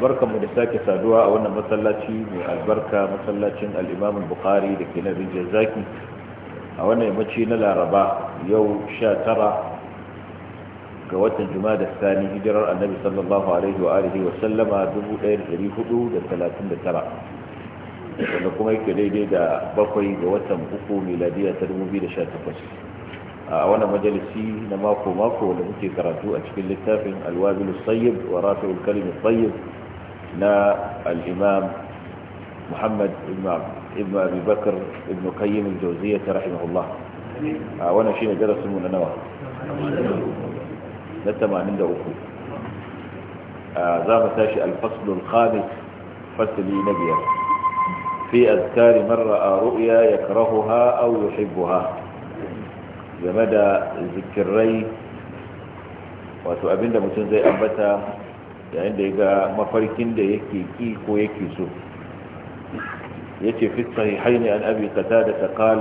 barkanmu da sake saduwa a wannan masallaci mai albarka masallacin al'imamun bukari da ke na rijiyar zaki a wannan yammaci na laraba yau sha tara ga watan juma da sani hijirar annabi sallallahu alaihi wa alihi wa sallama 1439 wanda kuma yake daidai da bakwai ga watan uku miladiya ta 2018 a wannan majalisi na mako-mako da muke karatu a cikin littafin alwabilu sayyid wa rafi'ul kalimin sayyid لا الإمام محمد ابن أبي بكر ابن قيم الجوزية رحمه الله آه، وانا شيء جرس من نوى نتمع من دعوكم آه، زام تاشي الفصل الخامس فصل نبيا في أذكار من رأى رؤيا يكرهها أو يحبها لمدى da zikirai wato زي أبتا yayin da ya ga mafarkin da yake ki ko yake so ya ce fi sahihain an abi qatada ta qal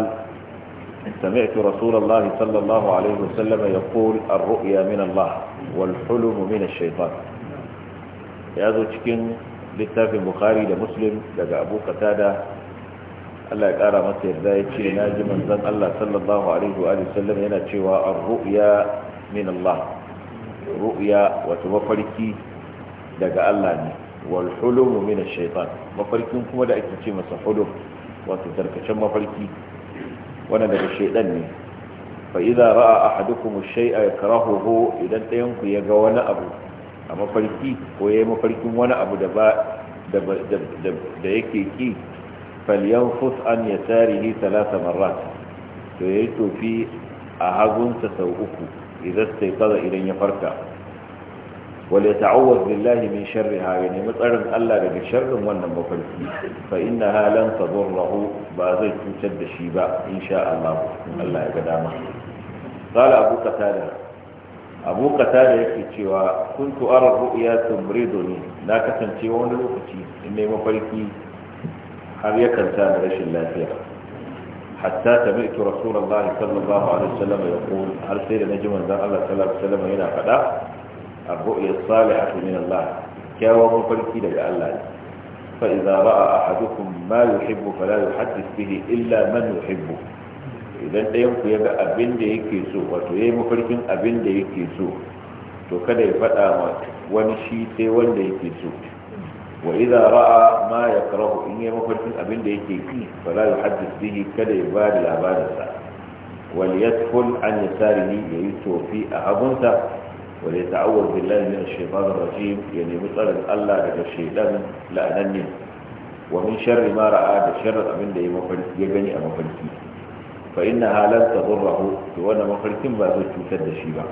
sami'tu rasulallah sallallahu alaihi wasallam yaqul ar-ru'ya min Allah wal hulum min ash ya zo cikin littafin bukari da muslim daga abu qatada Allah ya kara masa yarda ya ce na ji manzon Allah sallallahu alaihi wa sallam yana cewa ar-ru'ya min Allah ru'ya wato mafarki daga Allah ne wal hulumu min ash-shaytan mafarkin kuma da ake ce masa hulum wato tarkacen mafarki wannan daga shaytan ne fa idza ra'a ahadukum ash-shay'a yakrahuhu idan ɗayan ku ya ga wani abu a mafarki ko yayi mafarkin wani abu da ba da da yake ki falyanfus an yasarihi thalatha marrat to yayi tofi a hagunsa sau uku idan sai kaza idan ya farka wale ta'awwaz billahi min sharriha ya nemi tsarin Allah daga sharrin wannan mafarki fa inna halan tadurruhu ba zai cutar da shi ba insha Allah Allah ya ga dama qala abu qatada abu qatada yake cewa kuntu ara ru'ya tumriduni na kasance wani lokaci in mai mafarki har yakan sa rashin lafiya حتى سمعت رسول الله صلى الله عليه وسلم يقول هل سيدنا نجم من ذا الله صلى الله عليه وسلم هنا فدا الرؤيا الصالحة من الله كاوى مفركي لك الله فإذا رأى أحدكم ما يحب فلا يحدث به إلا من يحبه idan ɗayan ku ya ga abin da yake so wato ya yi mafarkin abin da yake so to kada ya faɗa ma wani shi sai wanda yake so wa idza ra'a ma ya karahu in ya mafarkin abin da yake ki fala yuhaddith bihi kada ya ba da labarin sa wal yadkhul an yasarihi ya yi tofi a hagunsa wani ta'awar billahi min shaitan rajim ya nemi tsarin Allah daga shaitan la'ananne wa min sharri ma ra'a da sharri abin da ya gani a mafarki fa inna halan ta zurrahu to wannan ba zai cutar da shi ba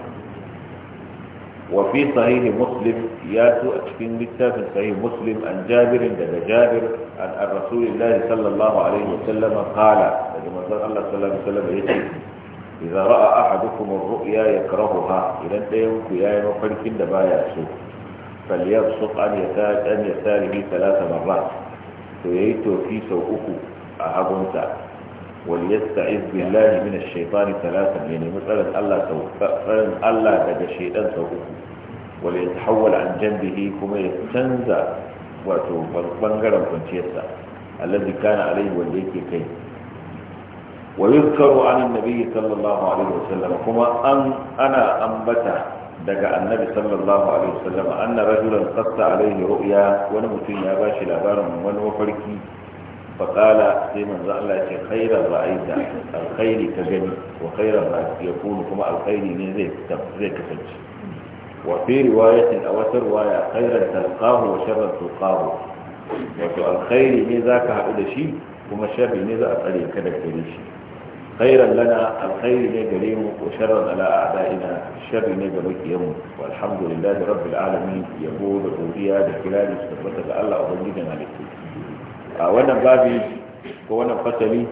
wa fi muslim ya su a cikin littafin sahihi muslim an jabir daga jabir an rasulillahi sallallahu alaihi wa sallam qala daga manzon Allah sallallahu alaihi wa idza ra'a ahadukum ya ruya yakrahuha idan dayan ya yi mafarkin da baya so falyabsuq an yasari an yasarihi thalath marrat to yayi tofi sau uku a hagunsa wal yasta'iz billahi min ash-shaytan thalath yani matsalan Allah Allah daga shaytan sau uku wal yatahawwal an janbihi kuma ya canza wato bangaren kwanciyarsa alladhi kana alaihi wanda yake kai ويذكر عن النبي صلى الله عليه وسلم كما أن أنا أنبت دقى النبي صلى الله عليه وسلم أن رجلا قص عليه رؤيا ونمتين يباش الأبار من وفركي فقال سيما زعلا خيرا رأيت الخير كجني وخيرا رأيت يكون كما الخير نزيك تفزيك فج وفي رواية أو رواية خيرا تلقاه وشرا تلقاه وفي الخير نزاك هؤلاء شيء kuma sharri ne za a tsare ka daga gare shi خيرا لنا الخير لجريم وشرا على أعدائنا الشر لجبكيهم والحمد لله رب العالمين يقول الأولياء بخلال استفدت الله أبنجنا لكم وانا بابي وانا فتلي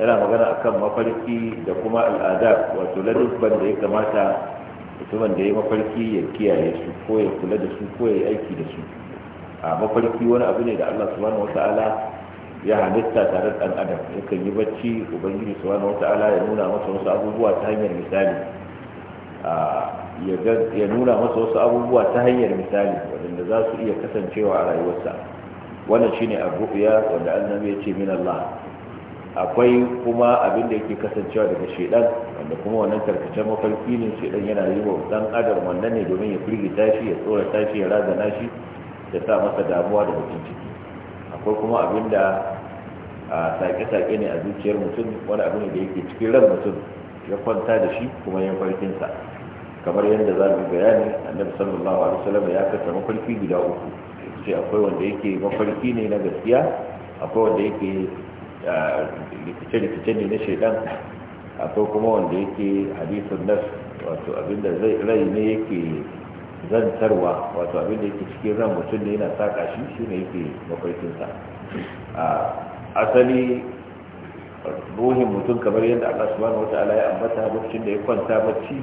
yana magana akan mafarki da kuma al'adar wato ladubban da ya kamata mutumin da ya mafarki ya kiyaye su ko kula da su ko aiki da su a mafarki wani abu ne da allah subhanahu wasu ta'ala ya halitta tare da ɗan adam yakan yi bacci ubangiji subhanahu wata'ala ya nuna masa wasu abubuwa ta hanyar misali ya nuna masa wasu abubuwa ta hanyar misali wadanda za su iya kasancewa a rayuwarsa wannan shine abubuwa wanda annabi ya ce min Allah akwai kuma abin da yake kasancewa daga shedan wanda kuma wannan tarkacen mafarki ne shedan yana yi wa dan adam wannan ne domin ya firgita shi ya tsorata shi ya razana shi ya sa masa damuwa da bakin ciki ko kuma abin da a sake-sake ne a zuciyar mutum wani abu ne da yake cikin ran mutum ya kwanta da shi kuma ya farkinsa kamar yadda za mu bayani annabi sallallahu alaihi wasallam ya kasa mafarki guda uku ce akwai wanda yake mafarki ne na gaskiya akwai wanda yake rikice-rikice ne na shaidan akwai kuma wanda yake hadisun nas wato abinda rai ne yake zantarwa wato abin da yake cikin ran mutum ne yana saka shi shi ne yake mafarkinsa a asali ruhin mutum kamar yadda Allah subhanahu wata'ala ya ambata lokacin da ya kwanta bacci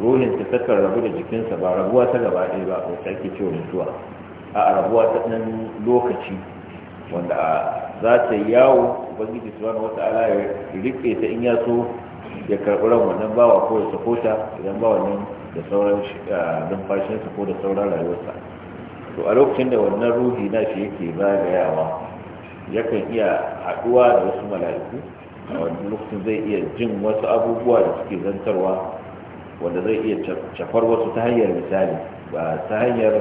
ruhin ta takan rabu da jikinsa ba rabuwa ta gaba ɗaya ba wata ake cewa mutuwa a rabuwa ta nan lokaci wanda za ta yawo ubangiji subhanahu wata'ala ya rike ta in ya so ya karɓi ran wannan bawa ko ya sako ta idan ba wannan da sauran numfashinsa ko da sauran rayuwarsa to a lokacin da wannan ruhi na shi yake zagayawa yakan iya haɗuwa da wasu mala'iku a wani lokacin zai iya jin wasu abubuwa da suke zantarwa wanda zai iya cafar wasu ta hanyar misali ba ta hanyar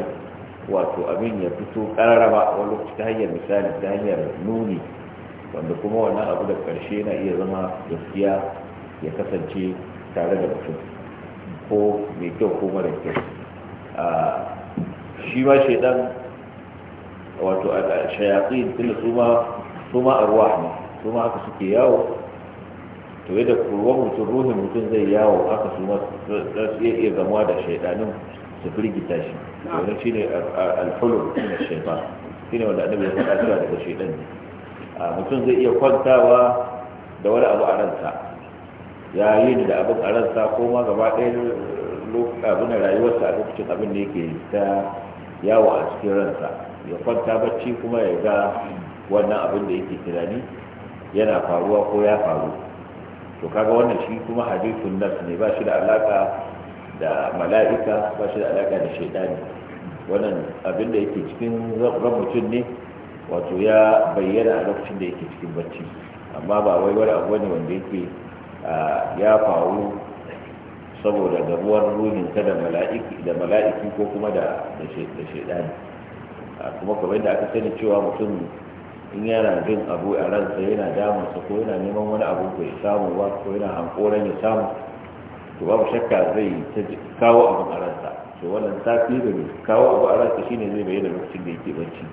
wato abin ya fito karara ba wani lokaci ta hanyar misali ta hanyar nuni wanda kuma wannan abu da karshe na iya zama gaskiya ya kasance tare da mutum ko mai kyau ko mara kyau shi ma shaidan wato a shayatsin tunda su ma ruwa ne su ma haka suke yawo to yadda kurwan mutum ruhin mutum zai yawo haka su ma za su iya zama da shaidanin su firgita shi wani shi ne alfulu na shaitan shi ne wanda annabi ya faɗa daga shaidan ne mutum zai iya kwantawa da wani abu a ransa yayin da abin a ransa ko ma gaba ɗaya abin rayuwarsa a lokacin abin da yake ta yawo a cikin ransa ya kwanta bacci kuma ya ga wannan abin da yake tunani yana faruwa ko ya faru to kaga wannan shi kuma hadithun nas ne ba shi da alaka da mala'ika ba shi da alaka da shaidani wannan abin da yake cikin ran mutum ne wato ya bayyana a lokacin da yake cikin bacci amma ba wai wani abu ne wanda yake ya faru saboda gabuwar ruhinsa da mala'iki da mala'iki ko kuma da da kuma kamar yadda aka sani cewa mutum in yana jin abu a ransa yana damunsa ko yana neman wani abu bai samu ba ko yana hankoran ya samu to babu shakka zai kawo abu a ransa to wannan ne kawo abu a ransa shine zai bayyana lokacin da yake bacci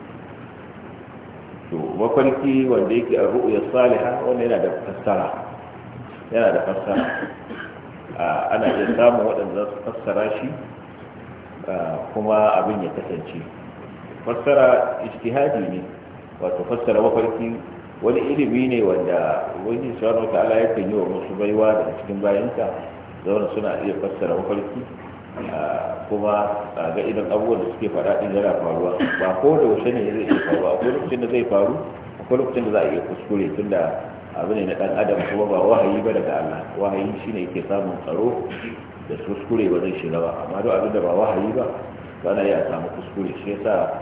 to mafarki wanda yake a ru'ya salihah wanda yana da fassara yana da fassara ana iya samun waɗanda za su fassara shi kuma abin ya kasance fassara ijtihadi ne wato fassara mafarki wani ilimi ne wanda wani shawar wata ala yakan yi wa musu baiwa daga cikin bayanta zaune suna iya fassara mafarki kuma ga idan abubuwan da suke faɗa ɗin yana faruwa ba ko da wasu ne zai iya faruwa akwai lokacin da zai faru akwai lokacin da za a iya kuskure da abu ne na ɗan adam kuma ba wahayi ba daga Allah wahayi ne ke samun tsaro da kuskure ba zai shiga ba amma duk abin da ba wahayi ba ba na iya samu kuskure shi yasa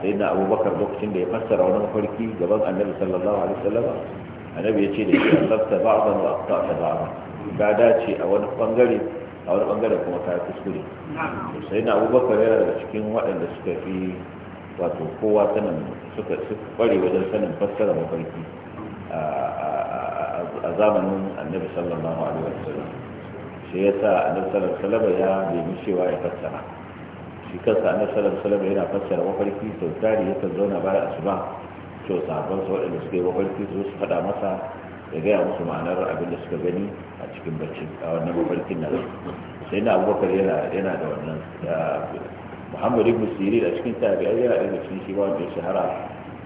sai na abubakar lokacin da ya fassara wani mafarki gaban annabi sallallahu alaihi wasallama annabi ya ce da shi asabta ba'dan wa aqta'ta ba'dan ka dace a wani bangare a wani bangare kuma ka kuskure sai na abubakar yana daga cikin waɗanda suka fi wato kowa sanin suka kware wajen sanin fassara mafarki a zamanin annabi sallallahu alaihi wasallam shi yasa annabi sallallahu alaihi wasallam ya nemi cewa ya fassara shi kansa annabi sallallahu alaihi wasallam yana fassara mafarki sau tari yakan zauna bayan asuba to sabon su waɗanda suka yi mafarki su su faɗa masa ya gaya musu ma'anar abin da suka gani a cikin bacci a wannan mafarkin nan sai na abubakar yana da wannan muhammad ibn sirir a cikin tabi'ai yana da cikin shi wanda ya shahara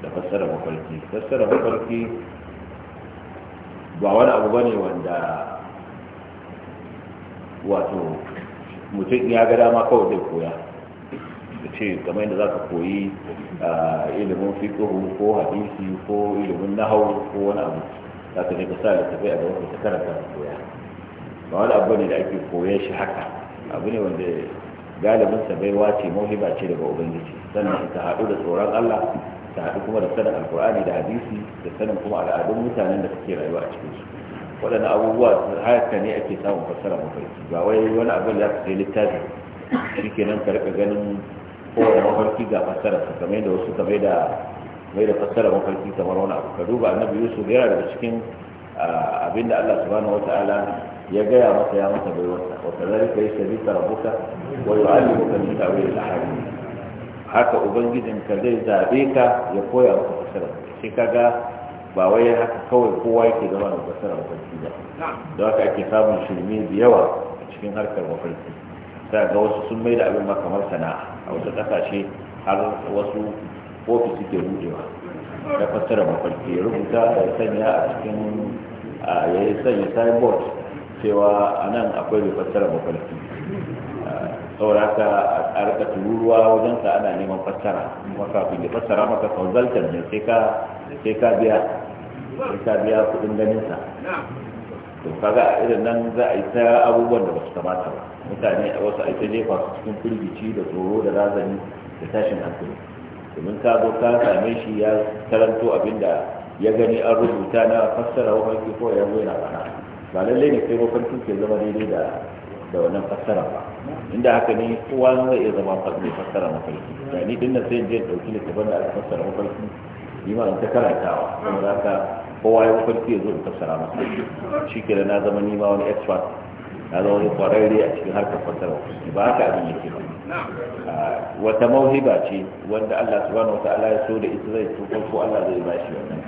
da fassara mafarki fassara mafarki ba wani abu bane wanda wato mutum ya ga dama kawai zai koya da ce game da za ka koyi ilimin fiƙihu ko hadisi ko ilimin nahau ko wani abu za ka je sa sa littafai a gaban ka karanta ka koya ba wani abu ne da ake koyan shi haka abu ne wanda galibin sa baiwa ce mauhiba ce daga ubangiji sannan ta haɗu da tsoron allah ta haɗu kuma da sanin alkur'ani da hadisi da sanin kuma al'adun mutanen da suke rayuwa a cikin su waɗannan abubuwa haka ne ake samun fassara mafarki ba wai wani abin da aka sai littafi shi kenan ka rika ganin kowane mafarki ga fassararsa kamar da wasu ka da mai da fassara mafarki kamar wani abu ka duba annabi yusuf yana daga cikin abin da allah subhanahu wataala ya gaya masa ya masa baiwarsa wa kadhalika yastabika rabbuka wa yu'allimuka min ta'wil al-ahadith haka ka zai zabe ka ya koya maka fasara shi kaga ba wai haka kawai kowa yake zama da fasara mafarki ba da haka ake samun shirme da yawa a cikin harkar mafarki sai ga wasu sun mai da abin ma kamar sana'a a wasu kasashe har wasu ofis suke rudewa da fasara mafarki ya rubuta da sanya a cikin yayin sanya signboard cewa anan akwai da fasara mafarki sauraka a rika tururuwa wajen sa ana neman fassara kuma kafin ya fassara maka consultant ne sai ka sai ka biya sai ka biya kudin ganin sa to kaga irin nan za a yi ta abubuwan da basu kamata ba mutane a wasu aita jefa su cikin firgici da tsoro da razani da tashin hankali domin ka zo ka same shi ya karanto abin da ya gani an rubuta na fassara mafarki ko ya zo yana fara ba lallai ne kai mafarki ke zama daidai da da wannan fassara ba inda haka ne kowa zai iya zama mai fassara mafarki da ni din sai je dauki littafin da aka fassara mafarki ni ma ta karantawa kuma za ka kowa ya mafarki ya zo in fassara mafarki shi ke da na zama ni ma wani expert na zama wani kwararre a cikin harkar fassara mafarki ba haka abin yake ba wata mauhiba ce wanda Allah subhanahu wataala ya so da ita zai tuko ko Allah zai ba shi wannan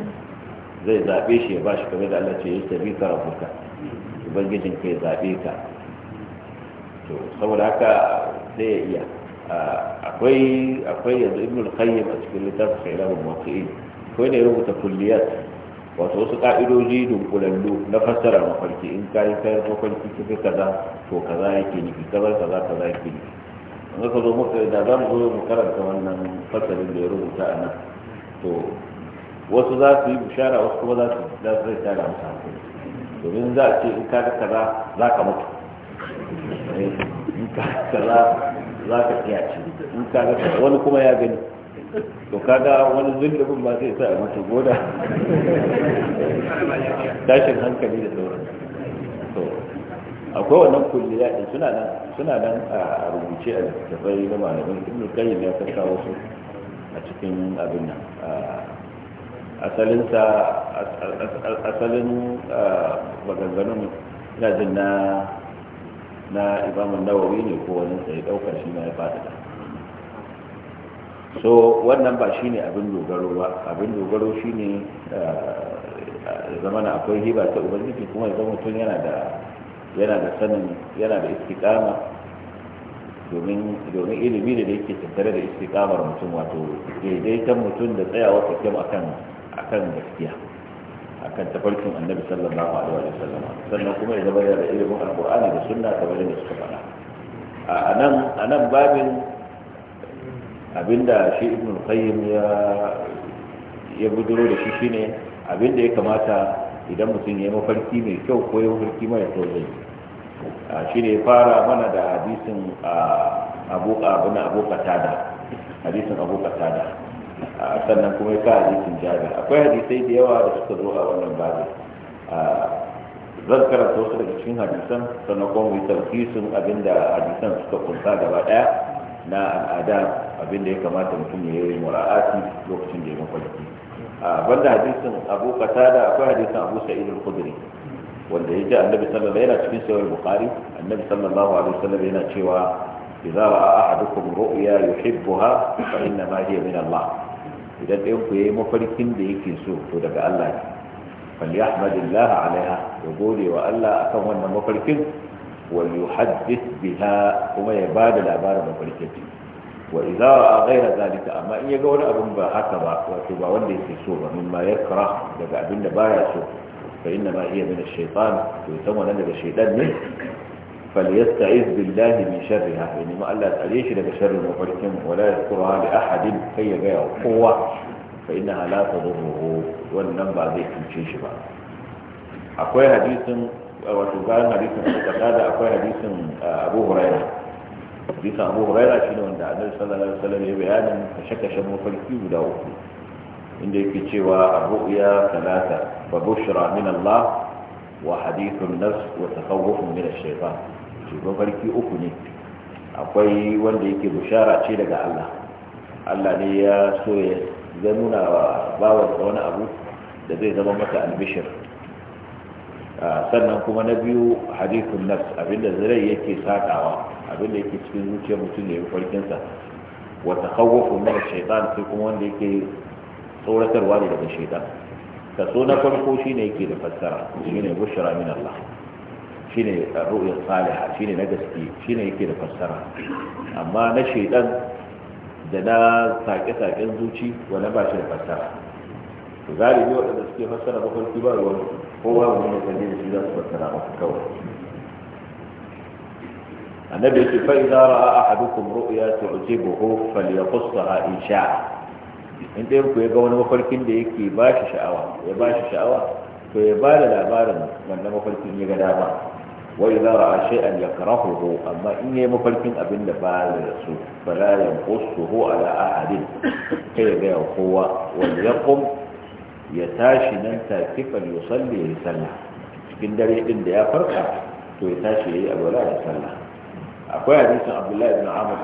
zai zabe shi ya ba shi kamar da Allah ce ya tabi ka rabuka ubangijin ka ya zabe ka to saboda haka sai ya iya akwai akwai yanzu ibn al-qayyim a cikin littafin sayyidul muwaqqi'in ko ne rubuta kulliyat wato wasu ka'idoji dunkulallu na fassara mafarki in ka yi kayan mafarki kika kaza to kaza yake nufi kaza kaza kaza yake nufi in ka zo muka da za mu zo mu karanta wannan fasalin da ya rubuta a nan to wasu za su yi bishara wasu kuma za su za su zai tada musu hankali domin za a ce in ka ga kaza za ka mutu in ka za ka iya ci in ka ga wani kuma ya gani to kaga wani zindabin ba zai sa a mutu goda tashin hankali da sauran to akwai wannan kulliya din suna nan suna nan a rubuce a littattafai da malamin ibnu qayyim ya kawo su a cikin abin nan asalinsa asalin maganganun ina jin na na imamun nawawi ne ko wani sai dauka shi ma ya fada so wannan ba shine abin dogaro ba abin dogaro shine eh, zamana akwai hiba ta ubangiji kuma idan mutum yana da yana da sanin yana da istiqama domin domin ilimi da yake tattare da istiqamar mutum wato daidaitan mutum da tsayawa kyakkyan akan akan gaskiya akan tafarkin annabi sallallahu alaihi wa sallam sannan kuma ya zama da ilimin alqur'ani da sunna kamar yadda suka fara a nan anan babin abinda shi ibn qayyim ya ya buduro da shi shine abinda ya kamata idan mutum ya yi mafarki mai kyau ko ya mafarki mai tozai shi ne fara mana da hadisin abu abu na abu katada hadisin abu katada sannan kuma ya ka hadisin jabir akwai hadisai da yawa da suka zo a wannan babin zan karanta wasu daga cikin hadisan sannan kuma mu yi tarkisin abinda hadisan suka kunsa gaba daya na al'ada abinda ya kamata mutum ya yi mura'ati lokacin da ya mafarki banda hadisin abu da akwai hadisin abu sa'id al-khudri wanda ya ji annabi sallallahu yana cikin sahih bukhari annabi sallallahu alaihi wasallam yana cewa idza ra'a ahadukum ru'ya yuhibbuha fa inna ma hiya min Allah idan ɗaya ku yi mafarkin da yake so to daga Allah ne falyahmadillah alaiha ya gode wa Allah akan wannan mafarkin wal yuhaddith biha kuma ya bada labarin mafarkin wa idza ra'a ghayra zalika amma in yaga wani abin ba haka ba wato ba wanda yake so ba mimma yakra daga abin da baya so fa inna ma hiya min ash-shaytan to ita wannan daga shaytan ne فليستعذ بالله من شرها يعني ما الله تعليش لك شر مفركم ولا يذكرها لأحد كي يبيع قوة فإنها لا تضره والنبع ذي تمشيش بقى أقوى حديث وتبان حديث هذا أقوى حديث آه، أبو هريرة حديث أبو هريرة شنو عند النبي صلى الله عليه وسلم يبيانا فشك شر مفركي ولا عند كتشوى الرؤيا ثلاثة فبشرى من الله وحديث النفس وتخوف من الشيطان ce mafarki uku ne akwai wanda yake bushara ce daga Allah Allah ne ya so ya zanuna wa bawansa wani abu da zai zama masa albishir sannan kuma na biyu hadithun nafs abinda zirai yake sakawa abinda yake cikin zuciyar mutum ya yi farkinsa wata kawwafin daga shaitan sai kuma wanda yake tsoratarwa ne daga shaitan kaso na farko shi ne yake da fassara shine bushra min Allah shine ru'yar salihah shine na gaske shine yake da fassara amma na shaidan da na sake-saken zuci wanda ba shi da fassara to galibi waɗanda suke fassara mafarki ba ruwan kowa wani ne sanye da shi za su fassara maka kawai annabi yake fa idza ra'a ahadukum ru'ya tu'jibuhu falyaqussaha in sha'a in dai ku ga wani mafarkin da yake ba shi sha'awa ya ba shi sha'awa to ya ba da labarin wannan mafarkin ya ga dama wai za a shi an ya karahu amma in yi mafarkin abin da ba ya su ba za ya kusu ho ala ahadin kai ya gaya kowa wani ya kum ya tashi nan ta kifar ya salli ya yi sallah cikin dare din da ya farka to ya tashi ya yi a alwala ya sallah akwai hadisin abdullahi ibn amr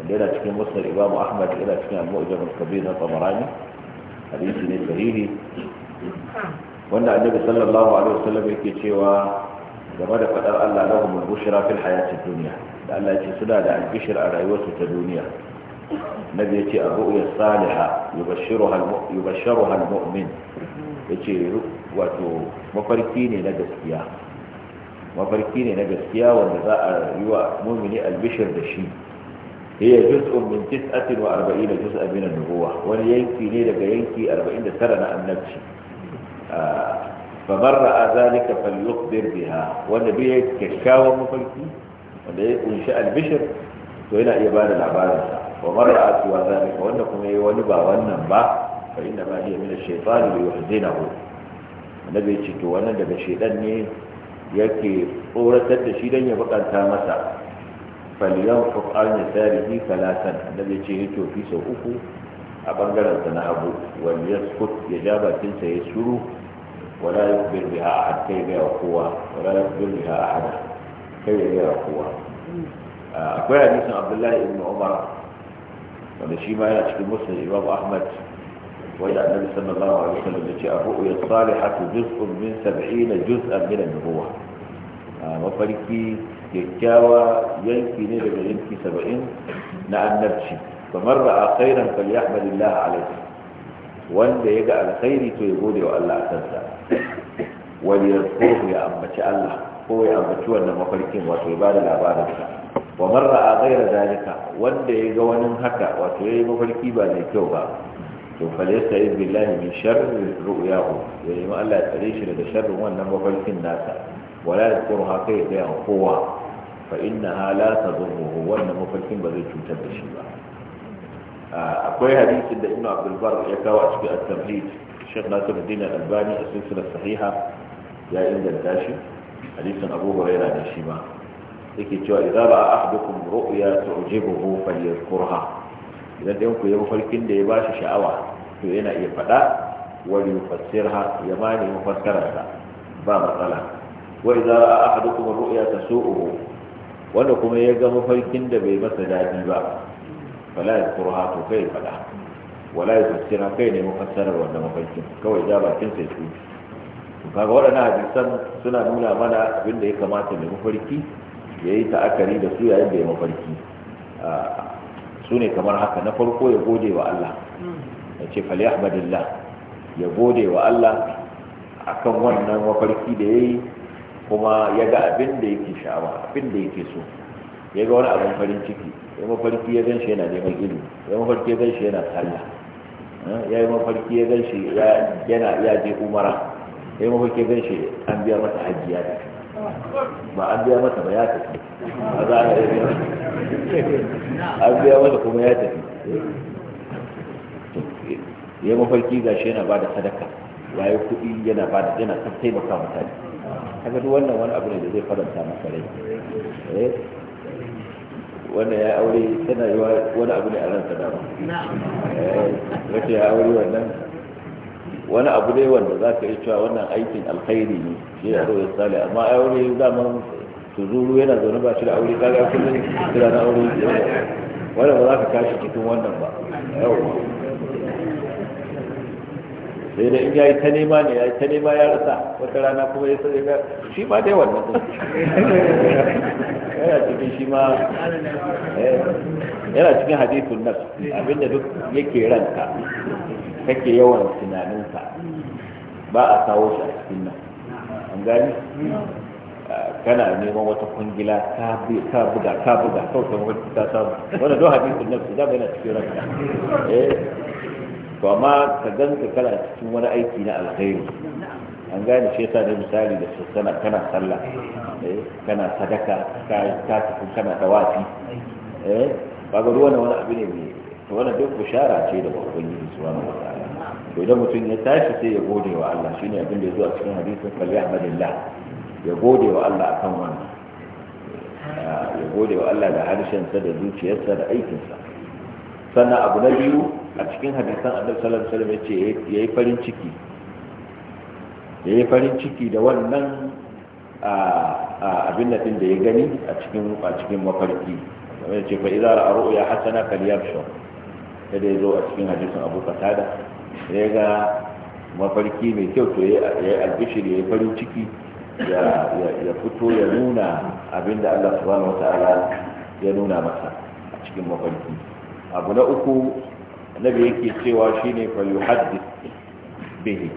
wanda yana cikin musnad Ibamu ahmad yana cikin al-mu'jam kabir na tamarani hadisi ne sahihi wanda annabi sallallahu alaihi wasallam yake cewa game da faɗar Allah lahum al-bushra fil hayatid duniya da Allah ce suna da albishir a rayuwarsu ta duniya nabi yace a ruya salihah yubashshiruha yubashshiruha al-mu'min yace wato mafarki ne na gaskiya mafarki ne na gaskiya wanda za a yi wa mu'mini albishir da shi هي جزء من 49 جزءا من النبوة ولينكي ليه لك ينكي 49 na annabci. Ah, famar ra'a zalika falyukhbir biha wanda duk ya kyakkyawan mafarki wanda ya kunshi albishir to yana iya bada labarin sa wa man ra'a suwa zalika wanda kuma yayi wani ba wannan ba fa inna ma hiya min ash-shaytan yuhzinahu annabi ce to wannan daga shedan ne yake tsoratar da shi dan ya bukanta masa falyanfuq an yasarihi salatan annabi ce ya sau uku a bangaren sa na wani ya yaskut ya ja bakin ya ولا يخبر بها أحد كي بها قوة ولا يخبر بها أحد كي بها قوة أقول حديث عبد الله بن عمر wanda shi ma yana cikin musul imam ahmad wanda annabi sallallahu alaihi wasallam yace ar-ru'ya salihatu juz'un min 70 juz'an min an-nubuwa mafarki kyakkyawa yanki ne daga yanki 70 na annabci kamar ra'a khairan falyahmadillah alaihi wanda ya ga alkhairi to ya gode wa Allah a kansa wani yarkuhu ya ambaci Allah ko ya ambaci wannan mafarkin wato ya bada labarin sa wa man ra'a ghayra zalika wanda ya ga wani haka wato yayi mafarki ba mai kyau ba to falaysa billahi min sharri ru'yahu ya yi Allah ya tsare shi daga sharrin wannan mafarkin nasa wala yadhkurha kai da kowa fa innaha la tadurruhu wannan mafarkin ba zai cutar da shi ba akwai hadisin da ibnu abdul bar ya kawo a cikin at-tamhid shek nasiruddin albani a silsilar sahiha ya inganta shi hadisin abu huraira da shi ma yake cewa idza ba ahadukum ru'ya tu'jibuhu falyadhkurha idan dan ku yabo farkin da ya bashi sha'awa to yana iya fada wa yufassirha ya ma ne mufassarar ba matsala wa idza ra'a ahadukum wanda kuma ya ga mafarkin da bai masa dadi ba fala kurha to kai faɗa. wala ya fassira kai ne mafassarar wanda mafarkin kawai ja bakin sai su kaga waɗannan hadisan suna nuna mana abin da ya kamata mai mafarki ya yi ta'akari da su yayin da ya mafarki su ne kamar haka na farko ya gode wa Allah ya ce fali ahmadillah ya gode wa Allah akan wannan mafarki da ya yi kuma ya ga abin da yake sha'awa abin da yake so ya ga wani abin farin ciki ya mafarki ya gan shi yana neman ilimi ya mafarki ya gan shi yana sallah ya yi mafarki ya gan shi yana ya je umara ya yi mafarki ya gan shi an biya masa hajji ya tafi ba an biya masa ba ya tafi a za a yi an biya masa kuma ya tafi ya mafarki ga shi yana ba da sadaka ya yi kuɗi yana ba da yana taimaka mutane haka duk wannan wani abu ne da zai faranta masa rai eh? wannan ya aure tana yi wani abu ne a ransa dama wace ya wuri wannan wani abu dai wanda za ka yi cewa wannan aikin alkhairi ne shi ya zo ya sale amma aure zaman tuzuru yana zaune ba shi da aure ga kullum kira na aure wanda ba za ka kashi cikin wannan ba sai da in ya yi ta nema ne ya yi ta nema ya rasa wata rana kuma ya sai ga shi ba dai wannan yana cikin shi ma eh, yana cikin hadithun nafs abinda duk yake ranka kake yawan tunaninsa ba a kawo shi a cikin nan an gani kana neman wata kungila ka buga ta buga kawai kamar wata ta samu wanda don hadithun nan su zama yana cikin ranka eh to amma ka ganka kana cikin wani aiki na alkhairi an gane shi ya sa ne misali da sassana kana sallah Eh, kana sadaka ka tafi kana wafi eh ba ga ruwan wani abu ne mai to wannan duk bushara ce da yin suwa na wata to idan mutum ya tashi sai ya gode wa Allah shine abin da ya zo a cikin hadisin falyahmadillah ya gode wa Allah akan wannan eh, ya gode wa Allah da harshensa da zuciyarsa da aikinsa sannan abu na biyu a cikin hadisan annabi sallallahu alaihi wasallam yace yayi farin ciki yayi farin ciki da wannan abin da da ya gani a cikin a cikin mafarki kamar ce fa idza ra'a ru'ya hasana falyabshu kada zo a cikin hadisin Abu Qatada ya ga mafarki mai kyau to ya yi albishir ya yi farin ciki ya fito ya nuna abin da Allah subhanahu wata'ala ya nuna masa a cikin mafarki abu na uku nabi yake cewa shine fa yuhaddith bihi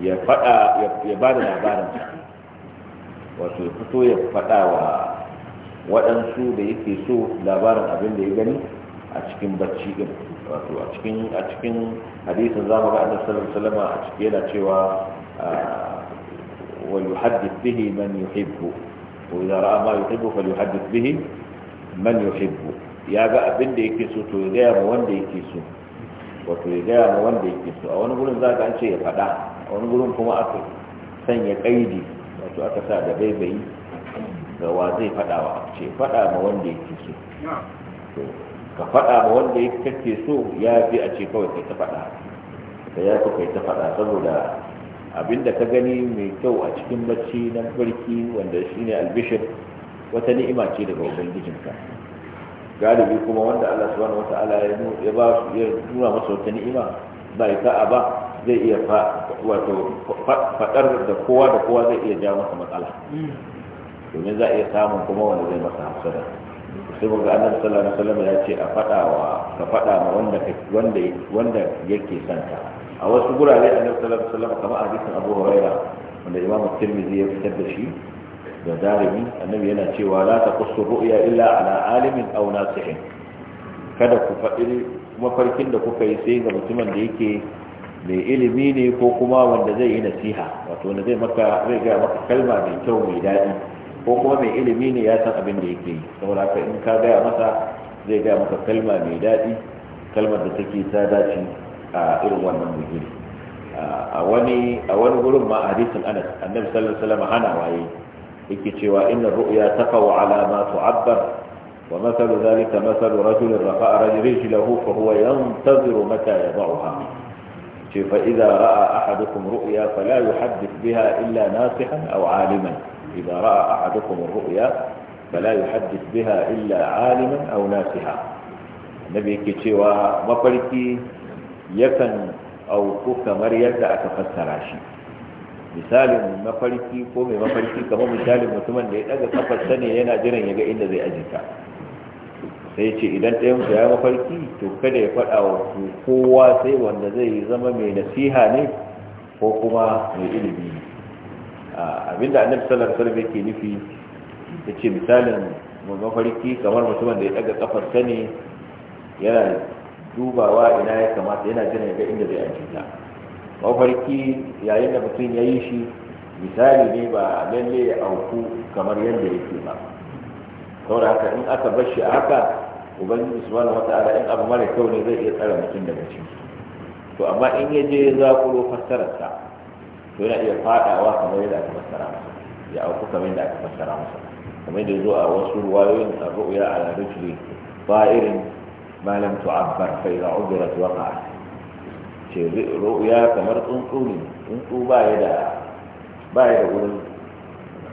ya fada ya bada labarin wato ya fito ya faɗa wa waɗansu da yake so labarin abin da ya gani a cikin bacci din wato a cikin a cikin hadisin zamu ga annabi sallallahu alaihi wasallam a cikin yana cewa ah, wa yuhaddith bihi man yuhibbu wa idza ra'a ma yuhibbu falyuhaddith bihi man yuhibbu ya ga abin da yake so to ya ga wanda yake so wato ya ga wanda yake so a wani gurin za ka an ce ya faɗa a wani gurin kuma aka sanya kaidi to aka sa da baibayi ga wa zai faɗawa wa ce faɗa ma wanda yake so to ka faɗa ma wanda yake kake so ya fi a ce kawai kai ta faɗa da ya fi kai ta faɗa saboda abinda ka gani mai kyau a cikin bacci na barki wanda shine albishir wata ni'ima ce daga ubangijinka galibi kuma wanda Allah subhanahu wataala ya ya ba ya tura masa wata ni'ima bai sa'a ba zai iya wato fadar da kowa da kowa zai iya ja masa matsala domin za a iya samun kuma wanda zai masa hafsada sai ga annabi sallallahu alaihi wasallam ya ce a fada wa ka fada ma wanda wanda wanda yake son ka a wasu gurare annabi sallallahu alaihi wasallam kamar hadisin Abu Hurairah wanda Imam Tirmidhi ya fitar da shi da darimi annabi yana cewa la taqussu ru'ya illa ala alimin aw nasihin kada ku faɗi mafarkin da kuka yi sai ga mutumin da yake mai ilimi ne ko kuma wanda zai yi nasiha wato wanda zai maka zai ga maka kalma mai kyau mai daɗi ko kuma mai ilimi ne ya san abin da yake yi saboda haka in ka gaya masa zai gaya maka kalma mai daɗi kalmar da take ta dace a irin wannan bugiri a wani a wani gurin ma a hadisin anas annabi sallallahu alaihi wasallam hana waye yake cewa inna ru'ya taqaw ala ma tu'abbar ومثل ذلك مثل رجل رفع رجله فهو ينتظر متى يضعها فإذا رأى أحدكم رؤيا فلا يحدث بها إلا ناصحا أو عالما إذا رأى أحدكم الرؤيا فلا يحدث بها إلا عالما أو ناصحا النبي كتوى مفركي يكن أو كمر يدع تفسر عشي misalin mafarki ko mai mafarki kamar misalin mutumin da ya daga kafar sani yana jiran ya ga inda zai ajika sai ce idan ɗayan ku ya mafarki to kada ya faɗa wa kowa sai wanda zai zama mai nasiha ne ko kuma mai ilimi ne abinda annabi sallar alaihi wasallam yake nufi ce misalin mafarki kamar mutumin da ya daga kafar sani ne yana dubawa ina ya kamata yana ya ga inda zai an ta mafarki yayin da mutum ya yi shi misali ne ba lalle ya auku kamar yadda yake ba saboda haka in aka bar shi a haka ubangiji subhanahu wata'ala in abu mara kyau ne zai iya tsara mutum daga ciki to amma in ya je za kuro fassararsa to yana iya fadawa kamar yadda aka fassara masa ya auku kamar yadda aka fassara masa kamar yadda zo a wasu ruwayoyin a ru'ya a rajuli fa'irin ma lam tu'abbar fa idza ubirat waqa'a ce ru'ya kamar tsuntsu ne tsuntsu ba ya da ba ya da wurin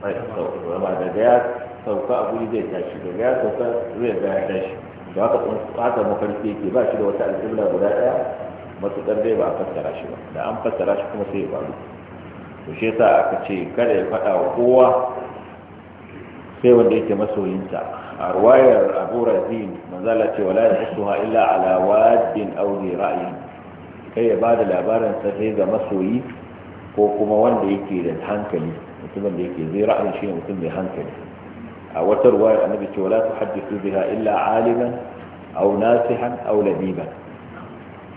ba daga ya sauka a guri zai tashi da ya sauka zai ga ya tashi da haka kun fata mafarki yake ba shi da wata alƙibla guda ɗaya matuƙar dai ba a fassara shi ba da an fassara shi kuma sai ya faru to shi yasa aka ce kada ya faɗa wa kowa sai wanda yake masoyinta a ruwayar abu razin manzala ce wala ya isuha illa ala aure ra'ayin kai ya ba da labarin sa sai ga masoyi ko kuma wanda yake da hankali mutumin da yake zai ra'ayin shi ne mutum mai hankali a wata ruwayar annabi ce wala tuhaddithu biha illa aliman aw nasihan aw labiban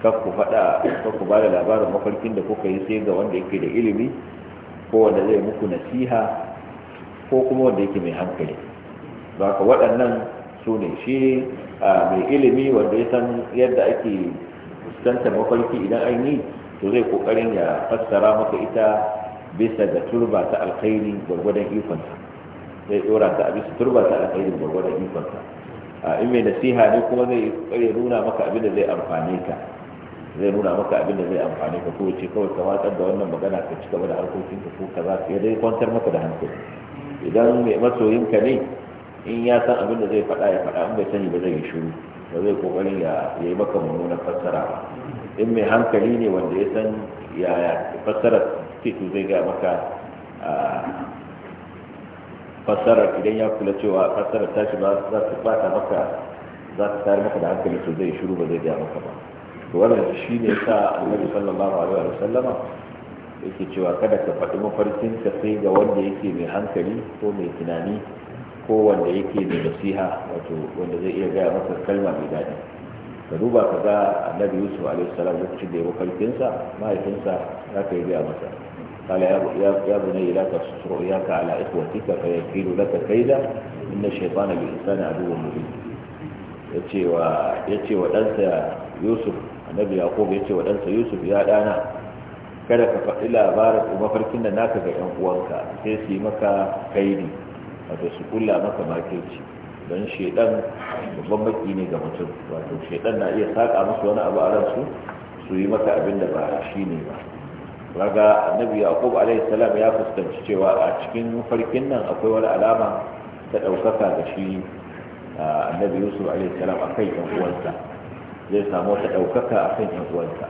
kar ku faɗa kar ku bada labarin mafarkin da kuka yi sai ga wanda yake da ilimi ko wanda zai muku nasiha ko kuma wanda yake mai hankali ba ka waɗannan su ne shi mai ilimi wanda ya san yadda ake fuskantar mafarki idan an yi to zai kokarin ya fassara maka ita bisa ga turba ta alkhairi gwargwadon ikonsa zai dora ta abin su turba ta alkhairin gwargwadon ikonsa a in mai nasiha ne kuma zai kare nuna maka abin da zai amfane ka zai nuna maka abin da zai amfane ka ko ce kawai ka watsar da wannan magana ka ci gaba da harkokin ka ko kaza ya dai kwantar maka da hankali idan mai masoyin ka ne in ya san abin da zai faɗa ya faɗa in bai sani ba zai yi shiru ba zai kokarin ya yi maka mummunan fassara ba in mai hankali ne wanda ya san yaya fassara titi zai ga maka fassarar idan ya kula cewa ta shi ba za su fata maka za su tare maka da hankali su zai shiru ba zai ja maka ba to wannan shi ne sa annabi sallallahu alaihi wa sallama yake cewa kada ka faɗi mafarkin ka sai ga wanda yake mai hankali ko mai tunani ko wanda yake mai nasiha wato wanda zai iya gaya maka kalma mai daɗi ka duba ka ga annabi yusuf alaihi salam lokacin da ya mafarkinsa mahaifinsa za ka yi gaya masa قال يا بني لا تقصص رؤياك على إخوتك فيكيل لك كيدا إن الشيطان بالإنسان عدو مبين yace wa ɗansa yusuf annabi yaqub yace wa ɗansa yusuf ya dana kada ka faɗi labarin mafarkin da naka ga ƴan uwanka sai su yi maka kaidi wato su kulla maka makirci don shaidan babban baki ne ga mutum wato shaidan na iya saka musu wani abu a ransu su yi maka abin da ba shi ne ba raga annabi yaqub alaihi salam ya fuskanci cewa a cikin farkin nan akwai wani alama ta daukaka ga shi annabi yusuf alaihi salam akan yan uwansa zai samu ta daukaka akan yan uwansa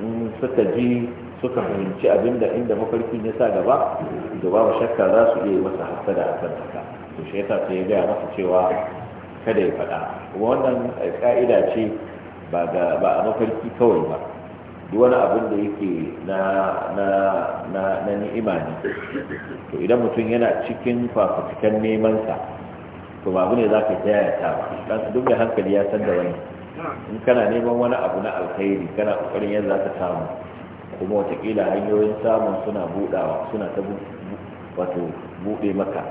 in suka ji suka fahimci abinda inda mafarkin ya sa gaba da babu shakka za su iya masa hasada da kan haka to shi yasa sai ya gaya masa cewa kada ya faɗa wannan ka'ida ce ba a mafarki kawai ba duk wani abin da yake na na na na ni'ima ne to idan mutum yana cikin fafutukan neman sa to ba abu ne za ka taya ta ba dan duk da hankali ya san da wani in kana neman wani abu na alkhairi kana kokarin yadda za ka samu kuma watakila hanyoyin samun suna budawa suna ta wato bude maka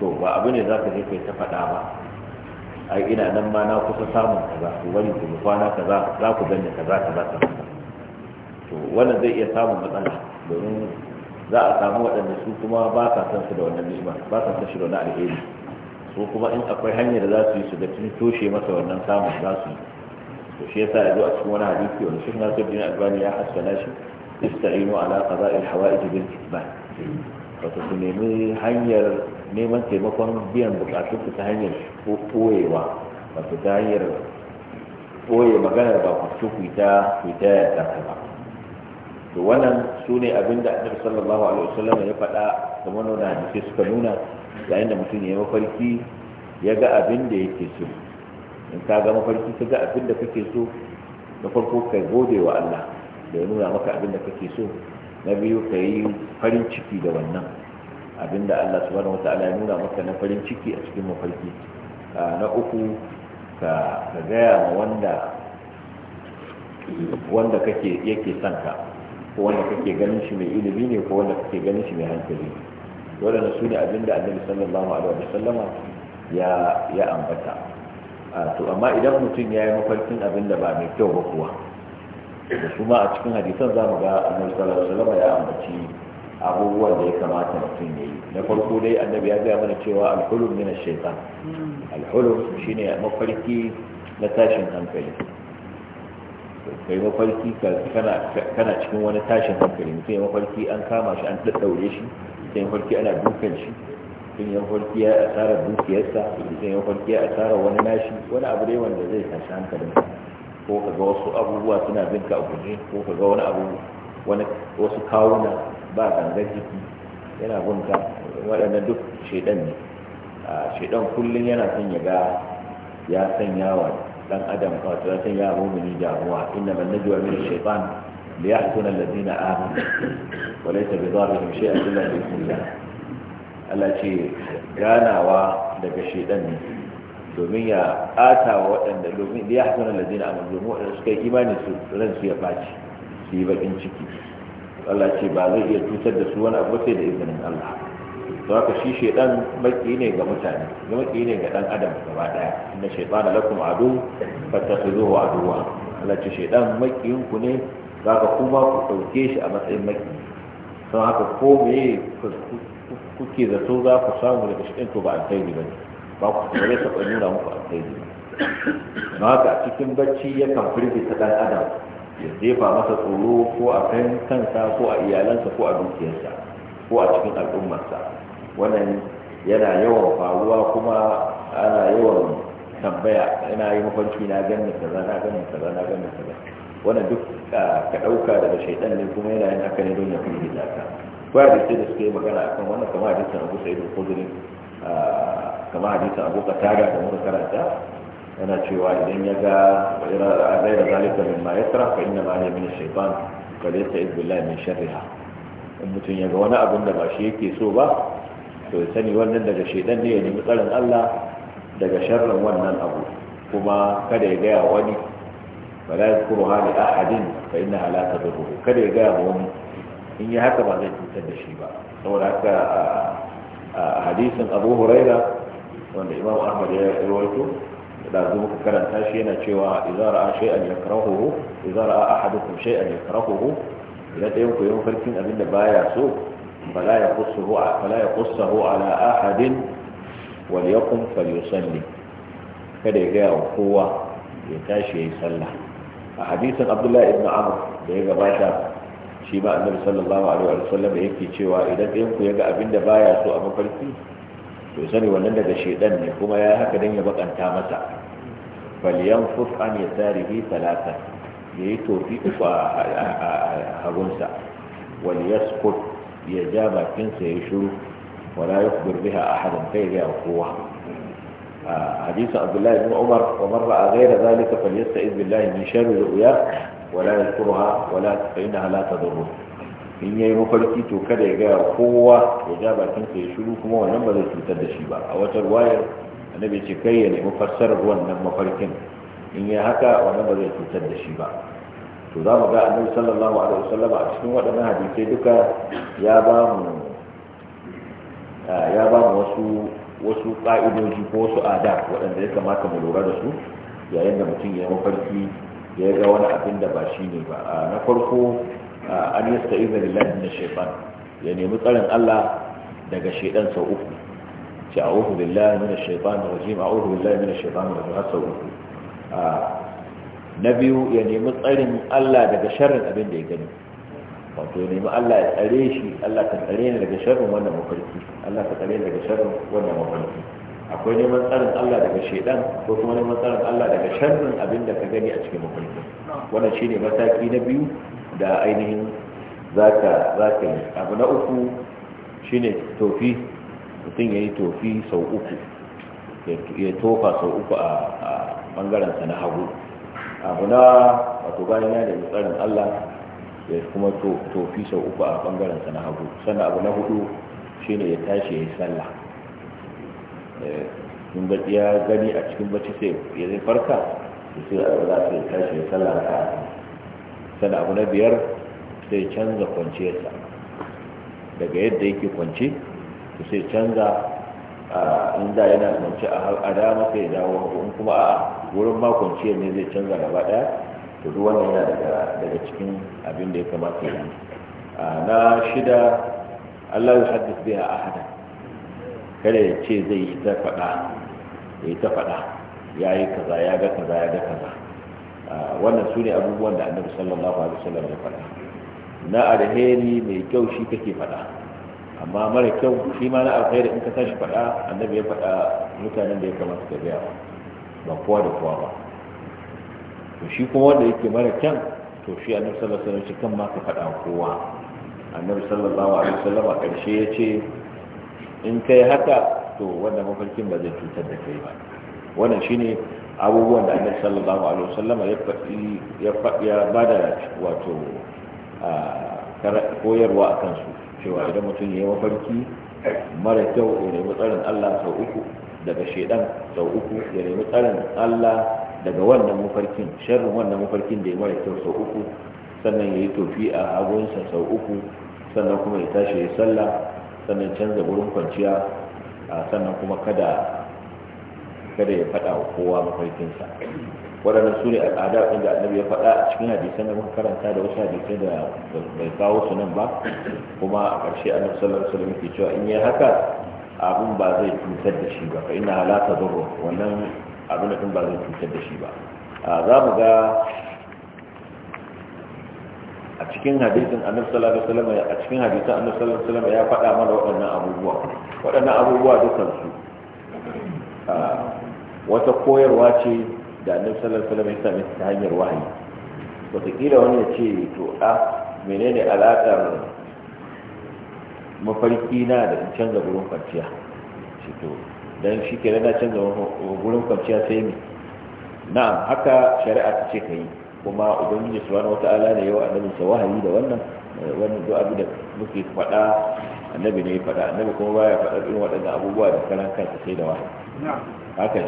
to ba abu ne za ka je kai ta faɗa ba ai ina nan ma na kusa samun kaza to wani kuma kwana kaza za ku danne kaza kaza kaza to wannan zai iya samun matsala domin za a samu waɗanda su kuma ba ka san su da wannan ni'ima ba ka san shi da wani alheri su kuma in akwai hanyar da za su yi su ga tun toshe masa wannan samun za su yi to shi yasa yanzu a cikin wani hadisi wanda Sheikh Nasiruddin Albani ya na shi ista'inu ala qada'il hawa'ij bil kitman wato su nemi hanyar neman taimakon biyan bukatun ku ta hanyar koyewa wato ta hanyar koye maganar ba ku ci ku ta ku ta ya ta ba to wannan su ne abin da annabi sallallahu alaihi wasallam ya faɗa da manona hadisi suka nuna yayin da mutum ya mafarki ya ga abin da yake so in ka ga mafarki ka ga abin da kake so na farko ka gode wa Allah da ya nuna maka abin da kake so na biyu ka yi farin ciki da wannan abin da Allah subhanahu wataala ya nuna maka na farin ciki a cikin mafarki ah, na uku ka gaya ma wanda wanda kake yake son ka ko wanda kake ganin shi mai ilimi ne ko wanda kake ganin shi mai hankali Dole na su ne abin da annabi sallallahu alaihi wa sallama ya ya ambata to amma idan mutum ya yi mafarkin abin da ba mai kyau ba kuwa da su ma a cikin hadisan za mu ga annabi sallallahu alaihi wa ya ambaci abubuwan da ya kamata mutum ya yi na farko dai annabi ya gaya mana cewa alhulum min ash-shaytan hmm. alhulum shine mafarki na tashin hankali kai mafarki kana cikin wani tashin hankali mutum ya mafarki an kama shi an daddaure shi mutum ya mafarki ana dukan shi mutum ya mafarki ya asarar dukiyarsa mutum ya mafarki ya asarar wani nashi wani abu dai wanda zai tashi hankalin ko ka ga wasu abubuwa suna bin ka a guje ko ka ga wani abu wani wasu kawuna ba gangar jiki yana bin ka waɗannan duk shaidan ne shaidan kullum yana son ya ga ya sanya wa dan adam wato ya sanya wa mu'mini damuwa inna man najwa min ash-shaytan liyahzuna alladhina amanu wa laysa bi dharrihim shay'an illa bi idhnillah Allah ce ganawa daga shaytan ne domin ya ata wa waɗanda domin liyahzuna alladhina amanu domin waɗanda suka yi imani su ran su ya baci su yi bakin ciki Allah ce ba zai iya cutar da su wani abu sai da izinin Allah to haka shi shaidan maki ne ga mutane ga maki ne ga dan adam gaba daya inda shaidan lakum adu fattakhidhuhu aduwa Allah ce shaidan maki ku ne zaka kuma ku dauke shi a matsayin maki don haka ko me kuke zato za ku samu daga shi to ba alkhairi ba ba ku ba taɓa nuna muku alkhairi ba don haka a cikin bacci yakan firgita dan adam ya jefa masa tsoro ko a kan kansa ko a iyalansa ko a dukiyarsa ko a cikin al'ummarsa wannan yana yawan faruwa kuma ana yawan tambaya ina yi mafarki na ganin kaza na ganin kaza na ganin kaza wannan duk ka ɗauka daga shaitan ne kuma yana yin haka ne don ya fi da ka kwa da sai da suke magana akan wannan kamar hadisin Abu Sa'id al-Khudri kamar hadisin Abu Qatada da muka karanta yana cewa idan ya ga zai da zalika min ma ka fa inna ma hiya ka zai shaytan min sharriha in mutum ya ga wani abin da ba shi yake so ba to sani wannan daga shaidan ne ya nemi tsarin Allah daga sharrin wannan abu kuma kada ya gaya wani ba la yakuru hali ahadin fa inna la tadurru kada ya gaya wani in yi haka ba zai cutar da shi ba saboda haka a hadisin Abu Huraira wanda Imam Ahmad ya rawaito da zo muka karanta shi yana cewa idza ra'a shay'an yakrahuhu idza ra'a ahadukum shay'an yakrahuhu idan ɗayan ku yi mafarkin abin da baya so فلا يقصه فلا يقصه على أحد وليقم فليصلي kada ya gaya wa kowa ya tashi ya yi sallah a hadisin abdullahi ibn amr da ya gabata shi ma annabi sallallahu alaihi wa sallam yake cewa idan ɗayan ku ya ga abin da baya so a mafarki to sani wannan daga shedan ne kuma ya haka dan ya bakanta masa falyanfuf an yasarihi talatan yayi tofi a hagunsa wal yaskut ya ja bakinsa ya shiru wala ya kubur biha hadin kai ga kowa hadisin abdullahi bin umar umar ba a gaira zalika falyasta'iz billahi min sharri uya wala yadhkurha wala fa innaha la tadurru in yayi mafarki to kada ya gaya kowa ya ja bakinsa ya shiru kuma wannan ba zai cutar da shi ba a wata ruwayar annabi ce kai ya nemi fassarar wannan mafarkin in yayi haka wannan ba zai cutar da shi ba to za mu ga annabi sallallahu alaihi wasallam a cikin waɗannan hadisai duka ya ba mu eh, ya ba mu wasu wasu ka'idoji ko wasu adab waɗanda ya kamata mu lura da su yayin da mutum ya mafarki ya ga wani abin da ba shi ne ba ah, na farko ah, an yi sa'iza lillahi na shaytan ya nemi tsarin Allah daga shaidan sau uku ce na billahi da shaytan a a'udhu billahi na shaytan da har sau uku ah, na biyu ya nemi tsarin Allah daga sharrin abin da ya gani wato ya nemi Allah ya tsare shi Allah ka tsare ni daga sharrin wannan mafarki Allah ka tsare ni daga sharrin wannan mafarki akwai neman tsarin Allah daga shaidan ko kuma neman tsarin Allah daga sharrin abin da ka gani a cikin mafarki wannan shine mataki na biyu da ainihin zaka zaka yi abu na uku shine tofi mutum ya yi tofi sau uku ya tofa sau uku a bangaren sa na hagu abu na wato bayan ya nemi tsarin Allah ya kuma tofi sau uku a bangaren sa na hagu sannan abu na hudu ne ya tashi ya yi sallah sun eh, ba ya gani a cikin bacci sai ya zai farka sai a za su ya tashi ya sallah ka sannan abu na biyar sai canza kwanciyarsa daga yadda yake kwance sai canza in da yana kwanci a ada maka ya dawo ko in kuma a wurin ma ne zai canza gaba daya to duk wannan yana daga cikin abin da ya kamata A na shida Allah ya haddis a ahada kada ya ce zai yi ta faɗa ya yi ta faɗa ya yi kaza ya ga kaza ya ga kaza wannan su ne abubuwan da annabi sallallahu alaihi wasallam ya faɗa na alheri mai kyau shi kake faɗa amma mara kyau shi ma na alkhairi in ka tashi faɗa annabi ya faɗa mutanen da ya kamata ka biya ba kowa da kowa ba to shi kuma wanda yake mara kyan to shi annabi sallallahu alaihi wasallam kan ma ka faɗa kowa annabi sallallahu alaihi wasallam a ƙarshe ya ce in kai haka to wannan mafarkin ba zai cutar da kai ba wannan shine abubuwan da annabi sallallahu alaihi wasallam ya faɗi ya faɗi ya bada wato koyarwa akan su cewa idan mutum ya yi mafarki mara kyau ya nemi tsarin Allah sau uku daga shaidan sau uku ya nemi tsarin Allah daga wannan mafarkin sharrin wannan mafarkin da ya mara kyau sau uku sannan ya yi tofi a hagunsa sau uku sannan kuma ya tashi ya sallah sannan canza wurin kwanciya sannan kuma kada kada ya faɗa wa kowa mafarkinsa waɗannan su ne a ɗin da annabi ya faɗa a cikin hadisai na makaranta karanta da wasu hadisai da bai kawo su nan ba kuma a ƙarshe annabi sallallahu alaihi wasallam muke cewa in yi haka abin ba zai cutar da shi ba fa inna halaka zurru wannan abin din ba zai cutar da shi ba za mu ga a cikin hadisin annabi sallallahu alaihi wasallam a cikin hadisan annabi sallallahu alaihi wasallam ya faɗa mana waɗannan abubuwa waɗannan abubuwa dukansu su wata koyarwa ce da annabi sallallahu alaihi wasallam ya same ta hanyar wahayi wataƙila wani ya ce to a menene alaƙar mafarki na da in canza gurin kwanciya shi to dan shi ke na canza gurin kwanciya sai ne na'am haka shari'a ta ce ka yi kuma ubangiji subhanahu wata'ala ne yau annabi sa wahayi da wannan wannan duk abin da muke faɗa annabi ne ya faɗa annabi kuma baya faɗa irin waɗannan abubuwa da karan kansa sai da wahayi haka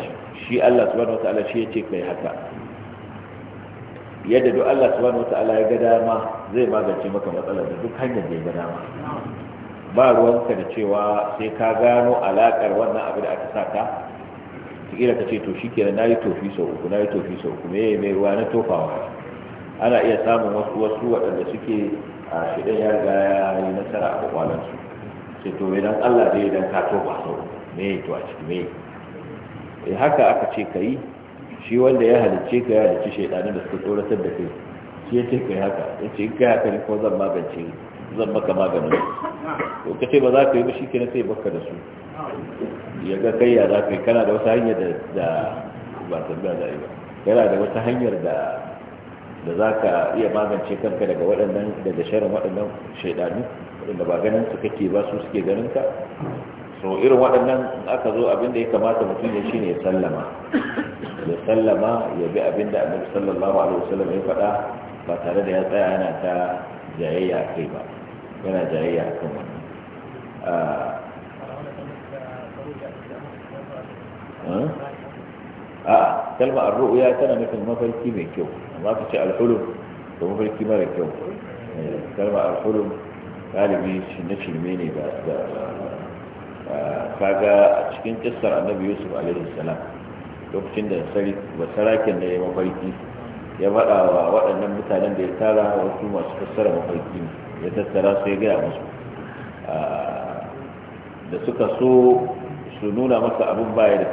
shi Allah subhanahu wata'ala shi ya ce kai haka yadda duk Allah subhanahu wata'ala ya ga dama zai magance maka matsalar da duk hanyar da ya ga dama ba ruwanka da cewa sai ka gano alakar wannan abu da aka saka kira ka ce to shi kenan na yi tofi sau uku na yi tofi sau uku me me, ruwa na tofawa ana iya samun wasu wasu waɗanda suke a shidan ya riga ya yi nasara a kwakwalansu sai to me dan Allah zai dan ka tofa sau me to a ciki me Eh, haka aka ce ka yi shi wanda ya halicce ka ya halicci shaidanin da suka tsoratar da kai shi ya ce ka yi haka ya ce in ka haka ne ko zan magance zan maka maganin to ka ce ba za ka yi ba shi kenan sai baka da su ya ga kai ya za ka yi kana da wata hanyar da ba ta za da ba kana da wata hanyar da da za ka iya magance kanka daga waɗannan daga sharan waɗannan shaidanin waɗanda ba ganin su kake ba su suke ganin ka so irin waɗannan in aka zo abin da ya kamata mutum ya shine ya sallama ya sallama ya bi abin da annabi sallallahu alaihi wasallam ya faɗa ba tare da ya tsaya yana ta jayayya kai ba yana jayayya kan wannan a kalma arru'ya tana nufin mafarki mai kyau amma ka ce alhulum da mafarki mara kyau kalma alhulum galibi shi na shirme ne ba kaga a cikin kissar annabi yusuf alaihi salam lokacin da sarakin da ya mafarki ya faɗa wa waɗannan mutanen da ya tara wasu masu fassara mafarki ya tattara su ya gaya musu da suka so su nuna masa abin baya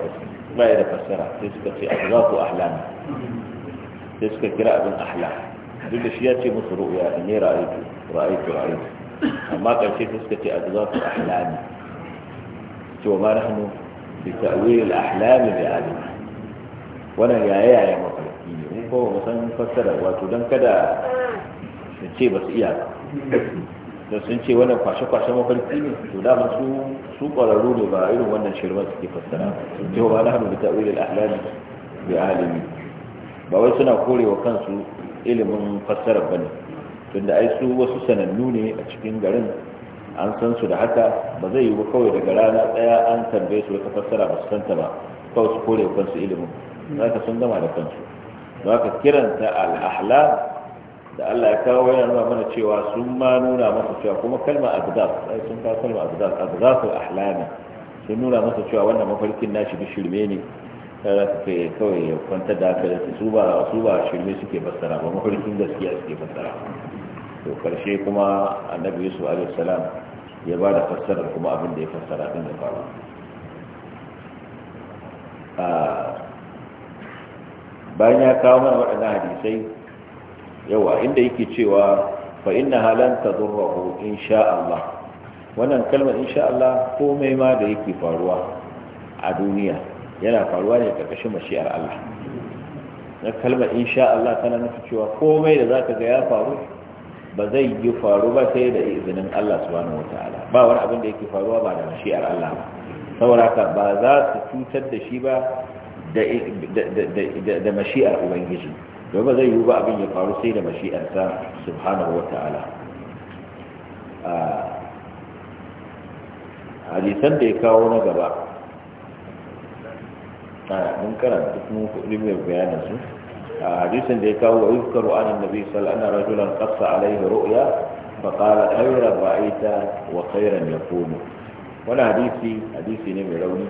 da fassara sai suka ce a za ku ahlami sai suka kira abin ahla duk da shi ya ce musu ru'uya ne ra'ayi ra'ayi ra'ayi amma ƙarshe sai suka ce a za ku ahlami cewa ma nahnu bi ta'wil ne mun kowa san fassara wato dan kada su ce ba su iya sun ce wannan kwashe-kwashe mafarki ne to da ba su su kwararru irin wannan suke fassara ba alimi ba wai suna korewa kansu ilimin fassarar bane tunda ai su wasu sanannu ne a cikin garin an san su da haka ba zai yi ba kawai daga rana ɗaya an tambaye su wata fassara ba su santa ba kawai su kore kansu ilimin za ka sun gama da kansu za ka kiranta al'ahla da Allah ya kawo yana nuna mana cewa sun ma nuna masa cewa kuma kalma abdaf sai sun kawo kalma abdaf abdaful ahlami sun nuna masa cewa wannan mafarkin nashi bi shirme ne kada ka kawai ya kwanta da haka su ba su ba shirme suke fassara ba mafarkin gaskiya suke fassara to karshe kuma annabi yusuf alaihi salam ya ba da fassarar kuma abin da ya fassara din da faru bayan ya kawo mana waɗannan hadisai yawa inda yake cewa fa inna halan tadurruhu insha Allah wannan kalmar insha Allah komai ma da yake faruwa a duniya yana faruwa ne karkashin mashi'ar Allah na kalmar insha Allah tana nufi cewa komai da zaka ga ya faru ba zai yi faru ba sai da izinin Allah subhanahu wa ta'ala ba wani abin da yake faruwa ba da mashi'ar Allah ba saboda haka ba za su cutar da shi ba da mashi'ar ubangiji don ba zai yi ba abin ya faru sai da mashi'ar sa subhanahu wataala hadisan da ya kawo na gaba a mun karanta kuma kuɗin mai bayanan حديث ذكر يذكر عن النبي صلى الله عليه وسلم رجلا قص عليه رؤيا فقال خيرا رأيت وخيرا يكون وانا حديثي حديثي نبي روني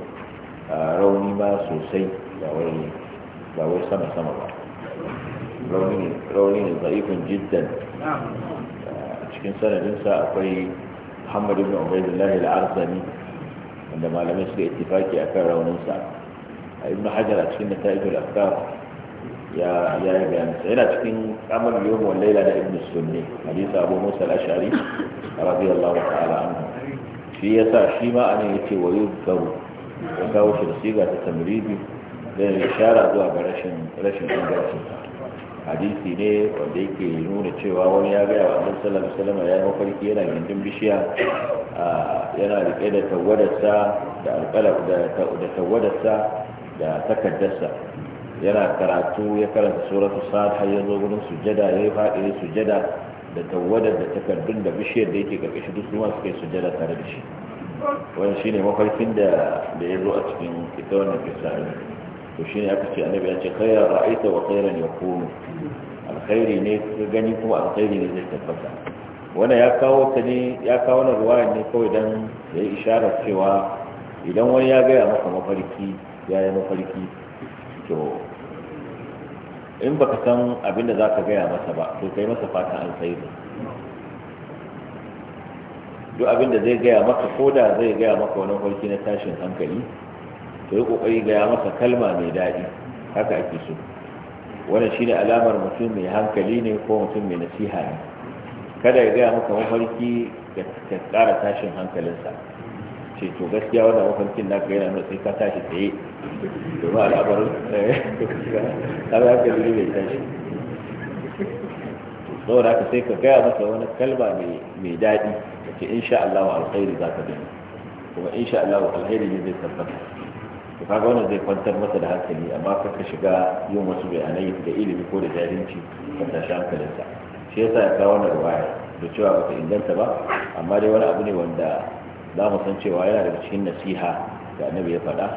آه، روني ما سوسي روني روني سمع سمع روني روني ضعيف جدا كان نعم. سنة جنسة أخي محمد بن عبيد الله العرزمي عندما لم يسلي اتفاقي أكار روني ابن حجر أكشن نتائج الأفكار ya ya yi bayanin sa yana cikin kamar yawon laila da ibn sunni hadisi abu musa al-ashari radiyallahu ta'ala anhu shi yasa shi ma anan yace wa yuzkaru ya kawo shi da siga ta tamridi da shara zuwa ga rashin rashin ingancin hadisi ne wanda yake nuna cewa wani ya gaya wa annabi sallallahu alaihi wasallam ya yi mafarki yana gindin bishiya yana rike da tawadarsa da alƙalaf da tawadarsa da takaddarsa yana karatu ya karanta suratu sata ya zo gurin sujada ya yi faɗi ya sujada da tawadar da takardun da bishiyar da yake ƙarƙashin duk suma suka yi sujada tare da shi wani shine mafarkin da da ya zo a cikin ita wannan kisa ne to shine aka ce annabi ya ce khayran ra'aita wa khayran yakunu alkhairi ne ka gani kuma alkhairi ne zai tabbata wannan ya kawo ta ne ya kawo na ruwaya ne kawai dan ya yi isharar cewa idan wani ya gaya maka mafarki ya yi mafarki to in baka san abin da zaka gaya masa ba to kai masa fatan an duk abin da zai gaya maka ko da zai gaya maka wani farki na tashin hankali to yi kokari gaya masa kalma mai daɗi haka ake so shi shine alamar mutum mai hankali ne ko mutum mai nasiha ne kada ya gaya maka mafarki ka kara tashin hankalinsa ce to gaskiya wannan mafarkin na ga yana sai ka tashi tsaye domin al'amarin ya eh, ka zuri mai tashi saboda haka sai ka gaya masa wani kalma mai daɗi ka ce insha Allah wa alkhairi za ka gani kuma insha Allah wa alkhairi ne zai tabbata to kaga wannan zai kwantar masa da hankali amma ka ka shiga yin wasu bayanai da ilimi ko da jarinci ka tashi hankalinsa shi yasa ya kawo wannan ruwaya da cewa ba ta inganta ba amma dai wani abu ne wanda za mu san cewa yana daga cikin nasiha da annabi ya faɗa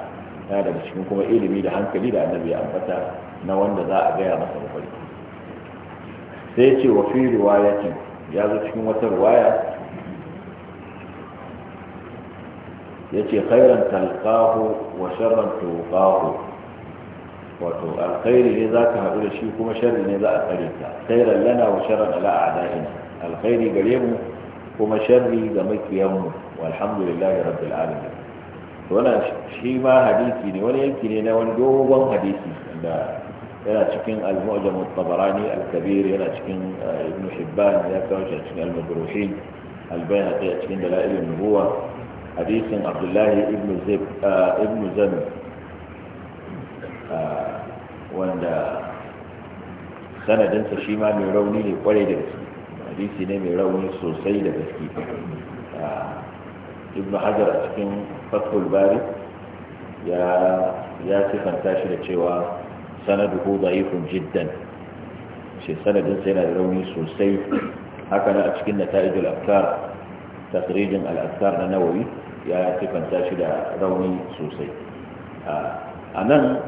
yana daga cikin kuma ilimi da hankali da annabi ya ambata na wanda za a gaya masa mafarki sai ce wa fi riwayatin ya zo cikin wata riwaya ya ce khairan talqahu wa sharran tuqahu wato alkhairi ne za ka haɗu da shi kuma sharri ne za a tsare ta khairan lana wa sharran ala a'da'ina alkhairi gare mu kuma sharri ga makiyan mu walhamdulillahi rabbil alamin wannan shi ma hadisi ne wani yanki ne na wani dogon hadisi da yana cikin al-mu'jam at-tabarani al-kabir yana cikin ibn hibban ya kawo shi cikin al-mabruhin al-bayhaqi a cikin dalail an-nubuwa hadisin abdullahi ibn zib ibn zan wanda sanadinsa shi ma mai rauni ne kwarai da gaske hadisi ne mai rauni sosai da gaske ibn hajar a cikin fathul bari ya sifanta shi da cewa sanaduhu da'ifun jiddan ce sanadin sai yana da rauni sosai haka na a cikin nata'ijul afkar takrijin al-afkar na nawawi ya sifanta shi da rauni sosai a nan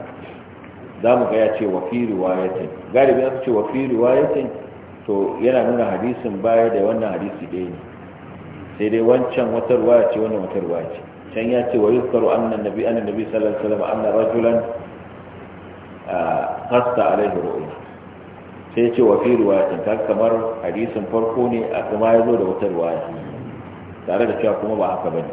za mu ga ya ce wa fi riwayatin galibi ya ce wa fi riwayatin to yana nuna hadisin baya da wannan hadisi ɗaya ne sai dai wancan wata ruwaya ce wannan wata ruwaya ce can ya ce wa yuzkaru annan nabi annan nabi sallallahu alaihi wasallam anna rajulan hasta alaihi ru'ya sai ya ce wa fi ruwayatin ta kamar hadisin farko ne a kuma ya zo da wata ruwaya tare da cewa kuma ba haka bane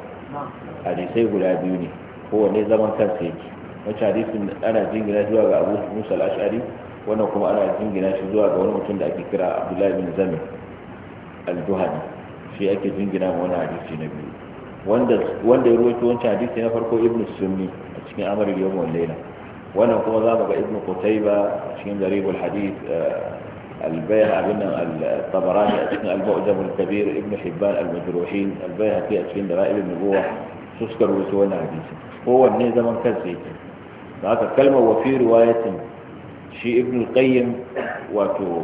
hadisai guda biyu ne kowanne zaman kansa yake wacce hadisin ana jingina zuwa ga abu musa al-ash'ari wannan kuma ana jingina shi zuwa ga wani mutum da ake kira abdullahi bin zamin al-duhani shi ake jingina ma wani hadisi na biyu wanda wanda ya ruwaito wancan hadisi na farko ibn sunni a cikin amr al-yawm wal layla wannan kuma za mu ga ibn qutayba a cikin darib al-hadith البيهقي ابن الطبراني اتكن المؤجم الكبير ابن حبان المجروحين البيهقي اتكن دلائل النبوة سسكر وسوانا حديث zaman النهي زمن كالزيت هناك كلمة وفي رواية شيء shi ibn وتو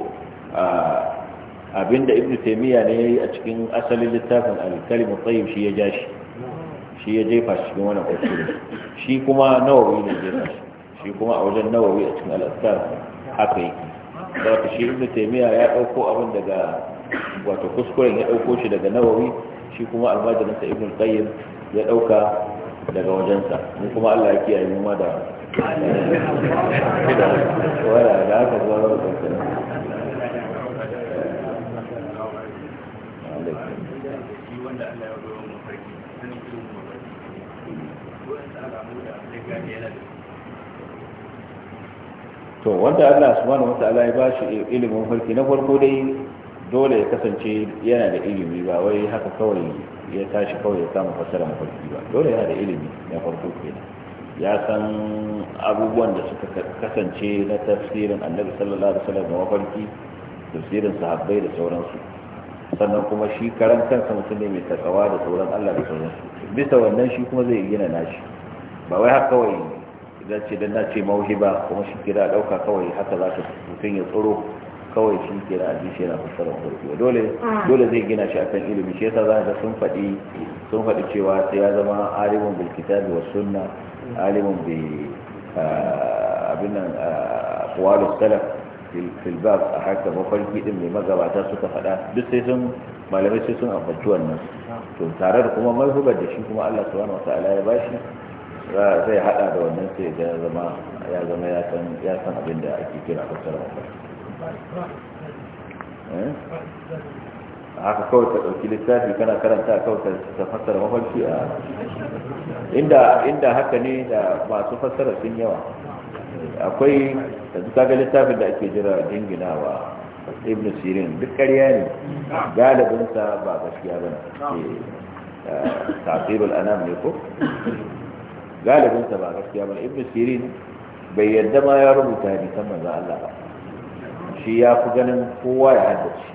wato abinda ibn taymiya ne yayi a cikin asalin littafin al-kalim tayyib shi ya jashi shi ya jefa shi cikin wannan kuskure shi kuma nawawi ne jefa shi kuma a wajen nawawi a cikin al-azkar haka yake saboda shi ibn taymiya ya dauko abin daga wato kuskuren ya dauko shi daga nawawi shi kuma almajirin sa ibnu qayyim ya dauka daga wajensa mu kuma Allah ya kiyaye mu ma da wala da haka zuwa da to wanda Allah subhanahu ta'ala ya bashi ilimin farki na farko dai dole ya kasance yana da ilimi ba wai haka kawai ya tashi kawai ya samu fasara mafarki ba dole yana da ilimi na farko kenan ya san abubuwan da suka kasance na tafsirin annabi sallallahu alaihi wasallam mafarki tafsirin sahabbai da sauransu sannan kuma shi karan kansa mutum ne mai takawa da sauran Allah da sauransu bisa wannan shi kuma zai gina nashi ba wai haka kawai idan ce dan nace mauhiba kuma shi kira dauka kawai haka za ka mutun ya tsoro kawai shi kira a jishe na fassara farko dole dole zai gina shi akan ilimi shi yasa za ka sun fadi sun fadi cewa sai ya zama alimun bil kitabi was sunna alimun bi abinan nan salaf fil bab haka ba mafarki din mai magabata suka fada duk sai sun malamai sai sun ambaci wannan to tare da kuma hubar da shi kuma Allah subhanahu wa ta'ala ya bashi zai hada da wannan sai da zama ya zama ya san abin da ake kira fassara mafarki eh? haka kawai ka ɗauki littafi kana karanta kawai ka fassara mafarki a inda inda haka ne da masu fassara sun yawa akwai yanzu kaga littafin da ake jira dinginawa ibn sirin duk ƙarya ne galibinsa ba gaskiya ba ne eh, eh, tafsirul anam ne ko galibinsa ba gaskiya ba ibn sirin bai yadda ma ya rubuta hadisan manzon Allah ba shi ya fi ganin kowa ya haddace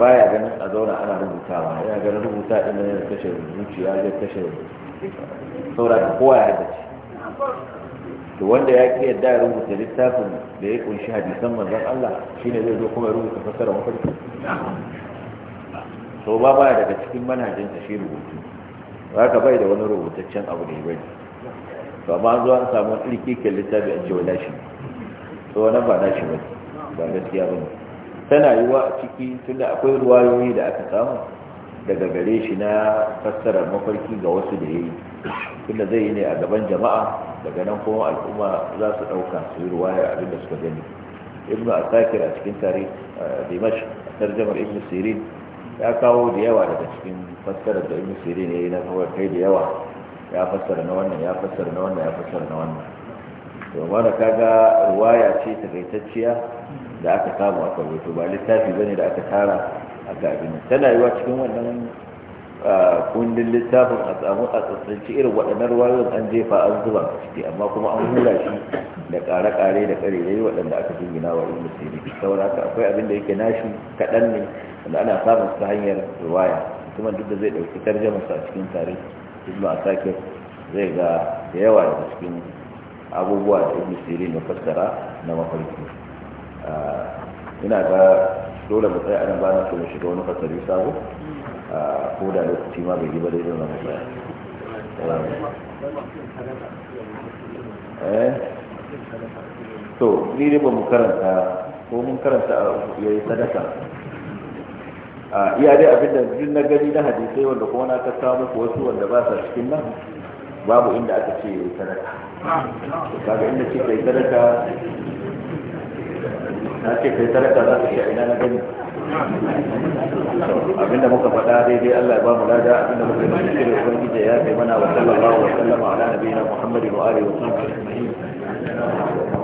baya ganin a zauna ana rubutawa yana ganin rubuta din nan yana kashe zuciya ya kashe saboda kowa ya haddace to wanda ya ki yadda ya rubuta littafin da ya kunshi hadisan manzon Allah shine zai zo kuma ya rubuta fasara mafarki so ba baya daga cikin manhajin ta shi rubutu za ka bai da wani rubutaccen abu ne bai to amma an an samu wani ke littafi a cewa nashi to wani ba nashi ba ba gaskiya ba tana yi wa a ciki tunda akwai ruwayoyi da aka samu daga gare shi na fassarar mafarki ga wasu da ya yi tunda zai yi ne a gaban jama'a daga nan kuma al'umma za su ɗauka su yi ruwaya abin da suka gani ibnu asakir a cikin tarihi dimash tarjamar ibnu sirin ya kawo da yawa daga cikin fassara da ibn siri ne na kawai kai da yawa ya fassara na wannan ya fassara na wannan ya fassara na wannan to wanda kaga ruwaya ce ta gaitacciya da aka samu aka to ba littafi bane da aka tara aka abin tana yiwa cikin wannan kundin littafin a samu a tsantsanci irin waɗannan ruwayoyin an jefa an zuba a ciki amma kuma an hula shi da ƙare-ƙare da ƙarerai waɗanda aka jingina wa ilmi sirri saboda haka akwai abin da yake nashi kaɗan ne wanda ana samun ta hanyar ruwaya kuma duk da zai ɗauki tarjama sa cikin tare ibn asakir zai ga da yawa daga cikin abubuwa da ibn sirri na fassara na mafarki ina ga dole mu tsaya anan ba na so mu shiga wani fasari sabo ko da lokaci ma bai yi ba daidai zama Eh? to ni dai ba mu karanta ko mun karanta ya yi sadaka iya dai abinda duk na gani na hadisai wanda kuma na ta samu ko wasu wanda ba sa cikin nan babu inda aka ce ya yi sadaka kaga inda ce ka yi sadaka na ce ka yi sadaka za ka ce a ina na gani abinda muka faɗa daidai Allah ya ba lada abinda muka yi shi ne ubangiji ya kai mana wa sallallahu wa sallama ala nabiyina muhammadin wa alihi wa sahbihi